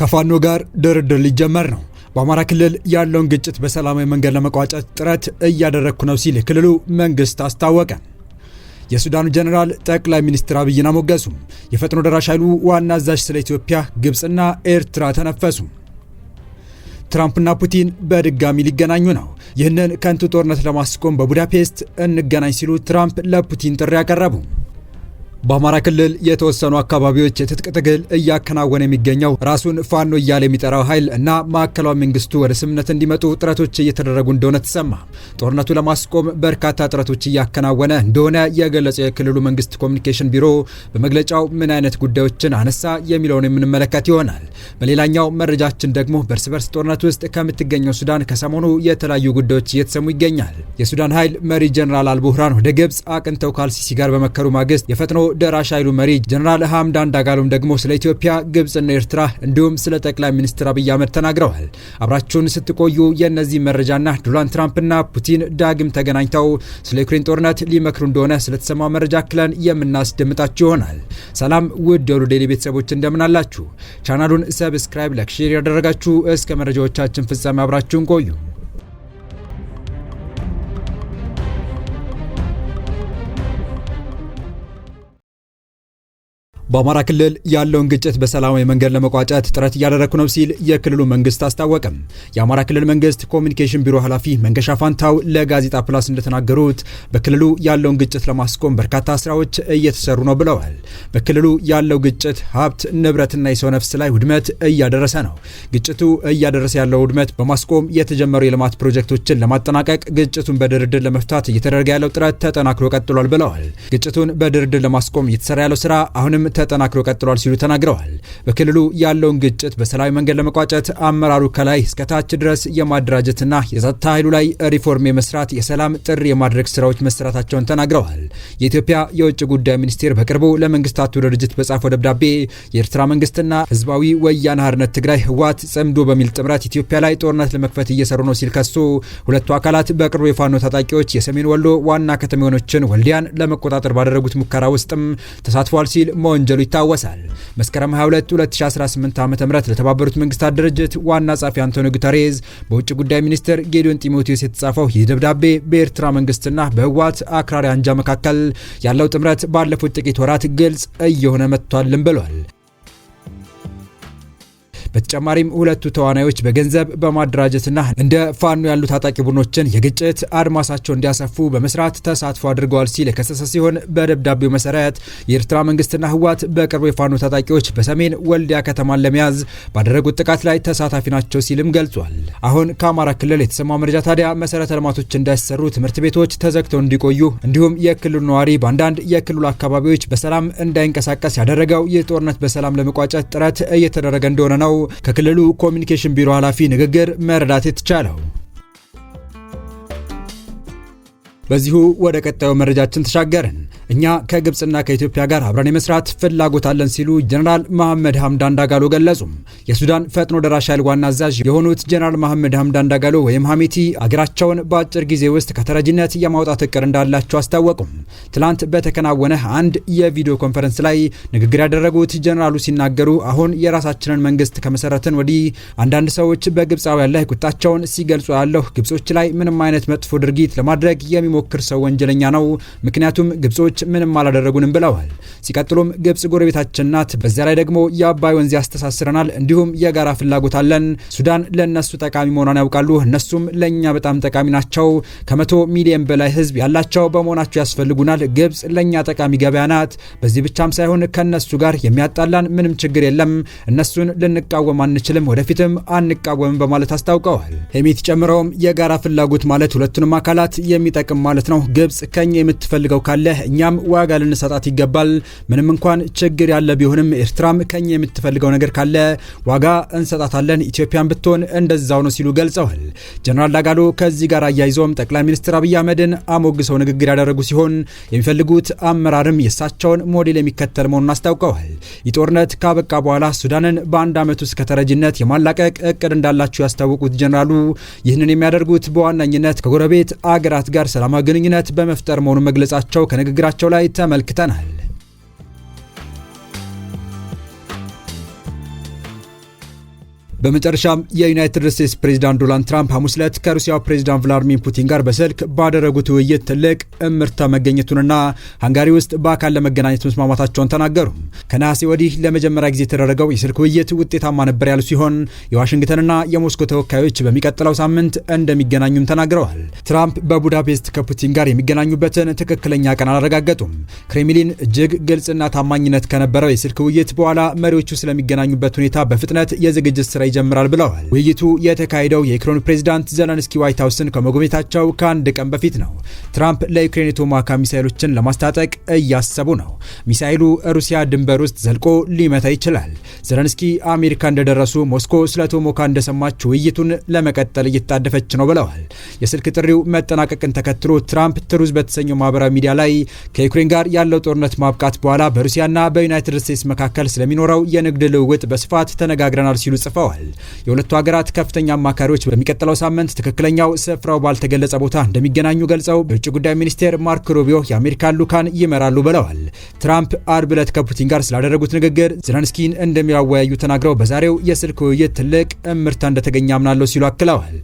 ከፋኖ ጋር ድርድር ሊጀመር ነው። በአማራ ክልል ያለውን ግጭት በሰላማዊ መንገድ ለመቋጨት ጥረት እያደረግኩ ነው ሲል የክልሉ መንግስት አስታወቀ። የሱዳኑ ጀኔራል ጠቅላይ ሚኒስትር አብይን አሞገሱ። የፈጥኖ ደራሽ ኃይሉ ዋና አዛዥ ስለ ኢትዮጵያ፣ ግብፅና ኤርትራ ተነፈሱ። ትራምፕና ፑቲን በድጋሚ ሊገናኙ ነው። ይህንን ከንቱ ጦርነት ለማስቆም በቡዳፔስት እንገናኝ ሲሉ ትራምፕ ለፑቲን ጥሪ አቀረቡ። በአማራ ክልል የተወሰኑ አካባቢዎች የትጥቅ ትግል እያከናወነ የሚገኘው ራሱን ፋኖ እያለ የሚጠራው ኃይል እና ማዕከላዊ መንግስቱ ወደ ስምምነት እንዲመጡ ጥረቶች እየተደረጉ እንደሆነ ተሰማ። ጦርነቱ ለማስቆም በርካታ ጥረቶች እያከናወነ እንደሆነ የገለጸው የክልሉ መንግስት ኮሚኒኬሽን ቢሮ በመግለጫው ምን አይነት ጉዳዮችን አነሳ የሚለውን የምንመለከት ይሆናል። በሌላኛው መረጃችን ደግሞ በእርስ በርስ ጦርነት ውስጥ ከምትገኘው ሱዳን ከሰሞኑ የተለያዩ ጉዳዮች እየተሰሙ ይገኛል። የሱዳን ኃይል መሪ ጀኔራል አልቡህራን ወደ ግብፅ አቅንተው ከአልሲሲ ጋር በመከሩ ማግስት የፈጥኖ ደራሽ ኃይሉ መሪ ጀነራል ሐምዳን ዳጋሎም ደግሞ ስለ ኢትዮጵያ፣ ግብጽና ኤርትራ እንዲሁም ስለ ጠቅላይ ሚኒስትር አብይ አህመድ ተናግረዋል። አብራችሁን ስትቆዩ የእነዚህ መረጃና ዶናልድ ትራምፕና ፑቲን ዳግም ተገናኝተው ስለ ዩክሬን ጦርነት ሊመክሩ እንደሆነ ስለተሰማው መረጃ ክለን የምናስደምጣችሁ ይሆናል። ሰላም ውድ የሉ ዴይሊ ቤተሰቦች አላችሁ? ቻናሉን ሰብስክራይብ፣ ላይክ፣ ሼር ያደረጋችሁ እስከ መረጃዎቻችን ፍጻሜ አብራችሁን ቆዩ። በአማራ ክልል ያለውን ግጭት በሰላማዊ መንገድ ለመቋጨት ጥረት እያደረግኩ ነው ሲል የክልሉ መንግስት አስታወቀም። የአማራ ክልል መንግስት ኮሚኒኬሽን ቢሮ ኃላፊ መንገሻ ፋንታው ለጋዜጣ ፕላስ እንደተናገሩት በክልሉ ያለውን ግጭት ለማስቆም በርካታ ስራዎች እየተሰሩ ነው ብለዋል። በክልሉ ያለው ግጭት ሀብት ንብረትና የሰው ነፍስ ላይ ውድመት እያደረሰ ነው። ግጭቱ እያደረሰ ያለው ውድመት በማስቆም የተጀመሩ የልማት ፕሮጀክቶችን ለማጠናቀቅ፣ ግጭቱን በድርድር ለመፍታት እየተደረገ ያለው ጥረት ተጠናክሮ ቀጥሏል ብለዋል። ግጭቱን በድርድር ለማስቆም እየተሰራ ያለው ስራ አሁንም ተጠናክሮ ቀጥሏል ሲሉ ተናግረዋል። በክልሉ ያለውን ግጭት በሰላማዊ መንገድ ለመቋጨት አመራሩ ከላይ እስከታች ድረስ የማደራጀትና የጸጥታ ኃይሉ ላይ ሪፎርም የመስራት የሰላም ጥሪ የማድረግ ስራዎች መሰራታቸውን ተናግረዋል። የኢትዮጵያ የውጭ ጉዳይ ሚኒስቴር በቅርቡ ለመንግስታቱ ድርጅት በጻፈው ደብዳቤ የኤርትራ መንግስትና ህዝባዊ ወያነ ሓርነት ትግራይ ህወሓት ጸምዶ በሚል ጥምረት ኢትዮጵያ ላይ ጦርነት ለመክፈት እየሰሩ ነው ሲል ከሶ ሁለቱ አካላት በቅርቡ የፋኖ ታጣቂዎች የሰሜን ወሎ ዋና ከተማ የሆነችን ወልዲያን ለመቆጣጠር ባደረጉት ሙከራ ውስጥም ተሳትፏል ሲል መወንጀ መወንጀሉ ይታወሳል። መስከረም 22 2018 ም ለተባበሩት መንግስታት ድርጅት ዋና ጸሐፊ አንቶኒዮ ጉተሬዝ በውጭ ጉዳይ ሚኒስትር ጌዲዮን ጢሞቴዎስ የተጻፈው ይህ ደብዳቤ በኤርትራ መንግስትና በህወሓት አክራሪ አንጃ መካከል ያለው ጥምረት ባለፉት ጥቂት ወራት ግልጽ እየሆነ መጥቷልም ብሏል። በተጨማሪም ሁለቱ ተዋናዮች በገንዘብ በማደራጀትና እንደ ፋኖ ያሉ ታጣቂ ቡድኖችን የግጭት አድማሳቸው እንዲያሰፉ በመስራት ተሳትፎ አድርገዋል ሲል የከሰሰ ሲሆን በደብዳቤው መሰረት የኤርትራ መንግስትና ህወሓት በቅርቡ የፋኖ ታጣቂዎች በሰሜን ወልዲያ ከተማን ለመያዝ ባደረጉት ጥቃት ላይ ተሳታፊ ናቸው ሲልም ገልጿል። አሁን ከአማራ ክልል የተሰማው መረጃ ታዲያ መሰረተ ልማቶች እንዳይሰሩ ትምህርት ቤቶች ተዘግተው እንዲቆዩ እንዲሁም የክልሉ ነዋሪ በአንዳንድ የክልሉ አካባቢዎች በሰላም እንዳይንቀሳቀስ ያደረገው ይህ ጦርነት በሰላም ለመቋጨት ጥረት እየተደረገ እንደሆነ ነው። ከክልሉ ኮሚኒኬሽን ቢሮ ኃላፊ ንግግር መረዳት የተቻለው። በዚሁ ወደ ቀጣዩ መረጃችን ተሻገርን። እኛ ከግብፅና ከኢትዮጵያ ጋር አብረን የመስራት ፍላጎት አለን ሲሉ ጀኔራል መሐመድ ሀምዳን ዳጋሎ ገለጹ። የሱዳን ፈጥኖ ደራሽ ኃይል ዋና አዛዥ የሆኑት ጀኔራል መሐመድ ሀምዳን ዳጋሎ ወይም ሀሚቲ አገራቸውን በአጭር ጊዜ ውስጥ ከተረጂነት የማውጣት እቅድ እንዳላቸው አስታወቁ። ትላንት በተከናወነ አንድ የቪዲዮ ኮንፈረንስ ላይ ንግግር ያደረጉት ጀኔራሉ ሲናገሩ አሁን የራሳችንን መንግስት ከመሰረትን ወዲህ አንዳንድ ሰዎች በግብፃውያን ላይ ቁጣቸውን ሲገልጹ ያለሁ ግብጾች ላይ ምንም አይነት መጥፎ ድርጊት ለማድረግ የሚሞክር ሰው ወንጀለኛ ነው። ምክንያቱም ግብጾች ኃይሎች ምንም አላደረጉንም ብለዋል። ሲቀጥሉም ግብጽ ጎረቤታችን ናት፣ በዚያ ላይ ደግሞ የአባይ ወንዝ ያስተሳስረናል፣ እንዲሁም የጋራ ፍላጎት አለን። ሱዳን ለእነሱ ጠቃሚ መሆኗን ያውቃሉ፣ እነሱም ለእኛ በጣም ጠቃሚ ናቸው። ከመቶ ሚሊዮን በላይ ህዝብ ያላቸው በመሆናቸው ያስፈልጉናል። ግብጽ ለእኛ ጠቃሚ ገበያ ናት። በዚህ ብቻም ሳይሆን ከእነሱ ጋር የሚያጣላን ምንም ችግር የለም። እነሱን ልንቃወም አንችልም፣ ወደፊትም አንቃወምም በማለት አስታውቀዋል። ሄሚት ጨምረውም የጋራ ፍላጎት ማለት ሁለቱንም አካላት የሚጠቅም ማለት ነው። ግብጽ ከኛ የምትፈልገው ካለ እኛ እኛም ዋጋ ልንሰጣት ይገባል። ምንም እንኳን ችግር ያለ ቢሆንም ኤርትራም ከኛ የምትፈልገው ነገር ካለ ዋጋ እንሰጣታለን፣ ኢትዮጵያን ብትሆን እንደዛው ነው ሲሉ ገልጸዋል። ጀነራል ዳጋሎ ከዚህ ጋር አያይዞም ጠቅላይ ሚኒስትር አብይ አህመድን አሞግሰው ንግግር ያደረጉ ሲሆን የሚፈልጉት አመራርም የእሳቸውን ሞዴል የሚከተል መሆኑን አስታውቀዋል። ይህ ጦርነት ካበቃ በኋላ ሱዳንን በአንድ ዓመት ውስጥ ከተረጅነት የማላቀቅ እቅድ እንዳላቸው ያስታወቁት ጀነራሉ ይህንን የሚያደርጉት በዋነኝነት ከጎረቤት አገራት ጋር ሰላማዊ ግንኙነት በመፍጠር መሆኑን መግለጻቸው ከንግግራቸው መሆናቸው ላይ ተመልክተናል። በመጨረሻም የዩናይትድ ስቴትስ ፕሬዚዳንት ዶናልድ ትራምፕ ሐሙስ ዕለት ከሩሲያው ፕሬዚዳንት ቭላዲሚር ፑቲን ጋር በስልክ ባደረጉት ውይይት ትልቅ እምርታ መገኘቱንና ሃንጋሪ ውስጥ በአካል ለመገናኘት መስማማታቸውን ተናገሩ። ከነሐሴ ወዲህ ለመጀመሪያ ጊዜ የተደረገው የስልክ ውይይት ውጤታማ ነበር ያሉ ሲሆን የዋሽንግተንና የሞስኮ ተወካዮች በሚቀጥለው ሳምንት እንደሚገናኙም ተናግረዋል። ትራምፕ በቡዳፔስት ከፑቲን ጋር የሚገናኙበትን ትክክለኛ ቀን አላረጋገጡም። ክሬምሊን እጅግ ግልጽና ታማኝነት ከነበረው የስልክ ውይይት በኋላ መሪዎቹ ስለሚገናኙበት ሁኔታ በፍጥነት የዝግጅት ስራ ይጀምራል ብለዋል። ውይይቱ የተካሄደው የዩክሬኑ ፕሬዚዳንት ዘለንስኪ ዋይት ሀውስን ከመጎብኘታቸው ከአንድ ቀን በፊት ነው። ትራምፕ ለዩክሬን የቶማካ ሚሳይሎችን ለማስታጠቅ እያሰቡ ነው። ሚሳይሉ ሩሲያ ድንበር ድንበር ውስጥ ዘልቆ ሊመታ ይችላል። ዘለንስኪ አሜሪካ እንደደረሱ ሞስኮ ስለ ቶሞካ እንደሰማች ውይይቱን ለመቀጠል እየታደፈች ነው ብለዋል። የስልክ ጥሪው መጠናቀቅን ተከትሎ ትራምፕ ትሩዝ በተሰኘው ማህበራዊ ሚዲያ ላይ ከዩክሬን ጋር ያለው ጦርነት ማብቃት በኋላ በሩሲያና በዩናይትድ ስቴትስ መካከል ስለሚኖረው የንግድ ልውውጥ በስፋት ተነጋግረናል ሲሉ ጽፈዋል። የሁለቱ ሀገራት ከፍተኛ አማካሪዎች በሚቀጥለው ሳምንት ትክክለኛው ስፍራው ባልተገለጸ ቦታ እንደሚገናኙ ገልጸው በውጭ ጉዳይ ሚኒስቴር ማርክ ሩቢዮ የአሜሪካን ልዑካን ይመራሉ ብለዋል። ትራምፕ አርብ ዕለት ከፑቲን ጋር ጋር ስላደረጉት ንግግር ዘለንስኪን እንደሚያወያዩ ተናግረው በዛሬው የስልክ ውይይት ትልቅ እምርታ እንደተገኘ አምናለሁ ሲሉ አክለዋል።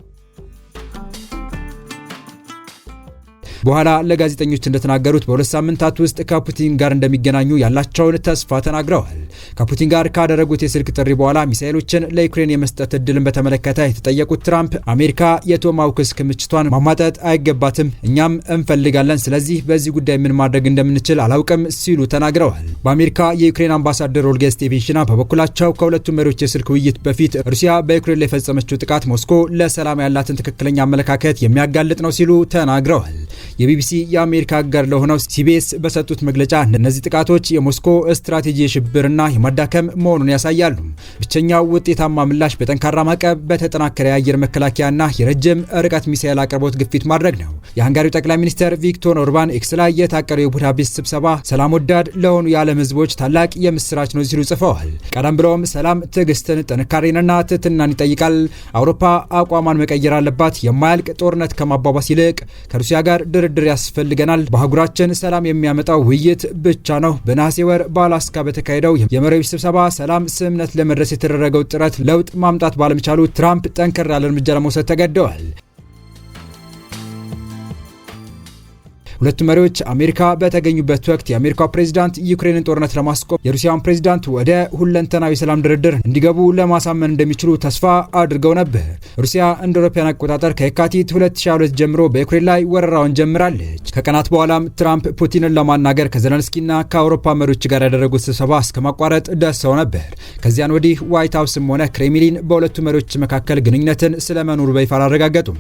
በኋላ ለጋዜጠኞች እንደተናገሩት በሁለት ሳምንታት ውስጥ ከፑቲን ጋር እንደሚገናኙ ያላቸውን ተስፋ ተናግረዋል። ከፑቲን ጋር ካደረጉት የስልክ ጥሪ በኋላ ሚሳኤሎችን ለዩክሬን የመስጠት እድልን በተመለከተ የተጠየቁት ትራምፕ አሜሪካ የቶማውክስ ክምችቷን ማሟጠጥ አይገባትም፣ እኛም እንፈልጋለን። ስለዚህ በዚህ ጉዳይ ምን ማድረግ እንደምንችል አላውቅም ሲሉ ተናግረዋል። በአሜሪካ የዩክሬን አምባሳደር ኦልጌ ስቴቪንሽና በበኩላቸው ከሁለቱ መሪዎች የስልክ ውይይት በፊት ሩሲያ በዩክሬን ላይ የፈጸመችው ጥቃት ሞስኮ ለሰላም ያላትን ትክክለኛ አመለካከት የሚያጋልጥ ነው ሲሉ ተናግረዋል። የቢቢሲ የአሜሪካ አጋር ለሆነው ሲቢኤስ በሰጡት መግለጫ እነዚህ ጥቃቶች የሞስኮ ስትራቴጂ የሽብርና የማዳከም መሆኑን ያሳያሉ። ብቸኛው ውጤታማ ምላሽ በጠንካራ ማዕቀብ፣ በተጠናከረ የአየር መከላከያና የረጅም ርቀት ሚሳኤል አቅርቦት ግፊት ማድረግ ነው። የሃንጋሪው ጠቅላይ ሚኒስትር ቪክቶር ኦርባን ኤክስ ላይ የታቀደው የቡዳፔስት ስብሰባ ሰላም ወዳድ ለሆኑ የዓለም ህዝቦች ታላቅ የምስራች ነው ሲሉ ጽፈዋል። ቀደም ብለውም ሰላም ትዕግስትን፣ ጥንካሬንና ትህትናን ይጠይቃል። አውሮፓ አቋሟን መቀየር አለባት። የማያልቅ ጦርነት ከማባባስ ይልቅ ከሩሲያ ጋር ድርድር ያስፈልገናል። በአህጉራችን ሰላም የሚያመጣው ውይይት ብቻ ነው። በነሐሴ ወር በአላስካ በተካሄደው የመሪዎች ስብሰባ ሰላም ስምምነት ለመድረስ የተደረገው ጥረት ለውጥ ማምጣት ባለመቻሉ ትራምፕ ጠንከር ያለ እርምጃ ለመውሰድ ተገደዋል። ሁለቱ መሪዎች አሜሪካ በተገኙበት ወቅት የአሜሪካው ፕሬዚዳንት ዩክሬንን ጦርነት ለማስቆም የሩሲያን ፕሬዚዳንት ወደ ሁለንተናዊ ሰላም ድርድር እንዲገቡ ለማሳመን እንደሚችሉ ተስፋ አድርገው ነበር። ሩሲያ እንደ አውሮፓውያን አቆጣጠር ከየካቲት 2022 ጀምሮ በዩክሬን ላይ ወረራውን ጀምራለች። ከቀናት በኋላም ትራምፕ ፑቲንን ለማናገር ከዘለንስኪና ከአውሮፓ መሪዎች ጋር ያደረጉት ስብሰባ እስከ ማቋረጥ ደርሰው ነበር። ከዚያን ወዲህ ዋይት ሀውስም ሆነ ክሬምሊን በሁለቱ መሪዎች መካከል ግንኙነትን ስለመኖሩ በይፋ አላረጋገጡም።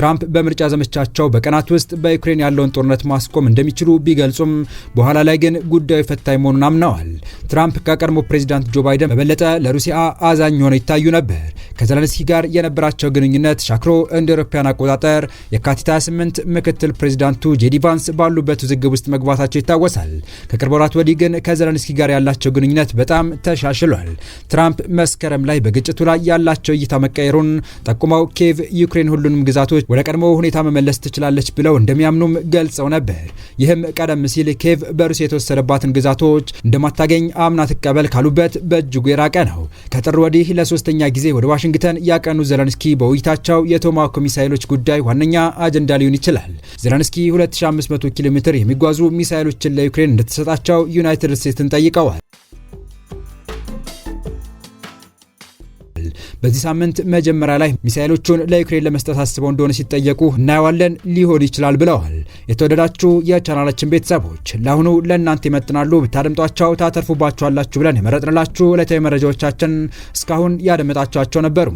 ትራምፕ በምርጫ ዘመቻቸው በቀናት ውስጥ በዩክሬን ያለውን ጦርነት ማስቆም እንደሚችሉ ቢገልጹም በኋላ ላይ ግን ጉዳዩ ፈታኝ መሆኑን አምነዋል። ትራምፕ ከቀድሞ ፕሬዚዳንት ጆ ባይደን በበለጠ ለሩሲያ አዛኝ ሆነው ይታዩ ነበር። ከዘለንስኪ ጋር የነበራቸው ግንኙነት ሻክሮ እንደ አውሮፓውያን አቆጣጠር የካቲት 28 ምክትል ፕሬዚዳንቱ ጄዲ ቫንስ ባሉበት ውዝግብ ውስጥ መግባታቸው ይታወሳል። ከቅርብ ወራት ወዲህ ግን ከዘለንስኪ ጋር ያላቸው ግንኙነት በጣም ተሻሽሏል። ትራምፕ መስከረም ላይ በግጭቱ ላይ ያላቸው እይታ መቀየሩን ጠቁመው ኬቭ ዩክሬን ሁሉንም ግዛቶች ወደ ቀድሞ ሁኔታ መመለስ ትችላለች ብለው እንደሚያምኑም ገልጸዋል። ገልጸው ነበር። ይህም ቀደም ሲል ኬቭ በሩሲያ የተወሰደባትን ግዛቶች እንደማታገኝ አምና ትቀበል ካሉበት በእጅጉ የራቀ ነው። ከጥር ወዲህ ለሶስተኛ ጊዜ ወደ ዋሽንግተን ያቀኑ ዘለንስኪ በውይይታቸው የቶማኮ ሚሳይሎች ጉዳይ ዋነኛ አጀንዳ ሊሆን ይችላል። ዘለንስኪ 2500 ኪሎ ሜትር የሚጓዙ ሚሳይሎችን ለዩክሬን እንደተሰጣቸው ዩናይትድ ስቴትስን ጠይቀዋል። በዚህ ሳምንት መጀመሪያ ላይ ሚሳኤሎቹን ለዩክሬን ለመስጠት አስበው እንደሆነ ሲጠየቁ እናየዋለን፣ ሊሆን ይችላል ብለዋል። የተወደዳችሁ የቻናላችን ቤተሰቦች ለአሁኑ ለእናንተ ይመጥናሉ ብታደምጧቸው ታተርፉባቸዋላችሁ ብለን የመረጥንላችሁ ዕለታዊ መረጃዎቻችን እስካሁን ያደመጣችኋቸው ነበሩ።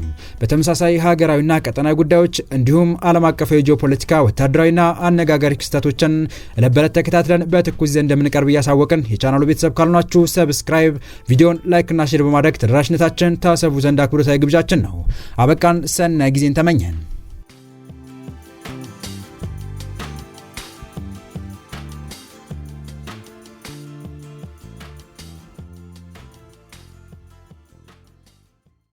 በተመሳሳይ ሀገራዊና ቀጠናዊ ጉዳዮች እንዲሁም ዓለም አቀፍ የጂኦፖለቲካ ወታደራዊና አነጋጋሪ ክስተቶችን ዕለት በዕለት ተከታትለን በትኩስ ጊዜ እንደምንቀርብ እያሳወቅን የቻናሉ ቤተሰብ ካልሆናችሁ ሰብስክራይብ፣ ቪዲዮን ላይክና ሼር በማድረግ ተደራሽነታችን ታሰቡ ዘንድ አክብሮታዊ ግብዣ መረጃችን ነው። አበቃን። ሰናይ ጊዜን ተመኘን።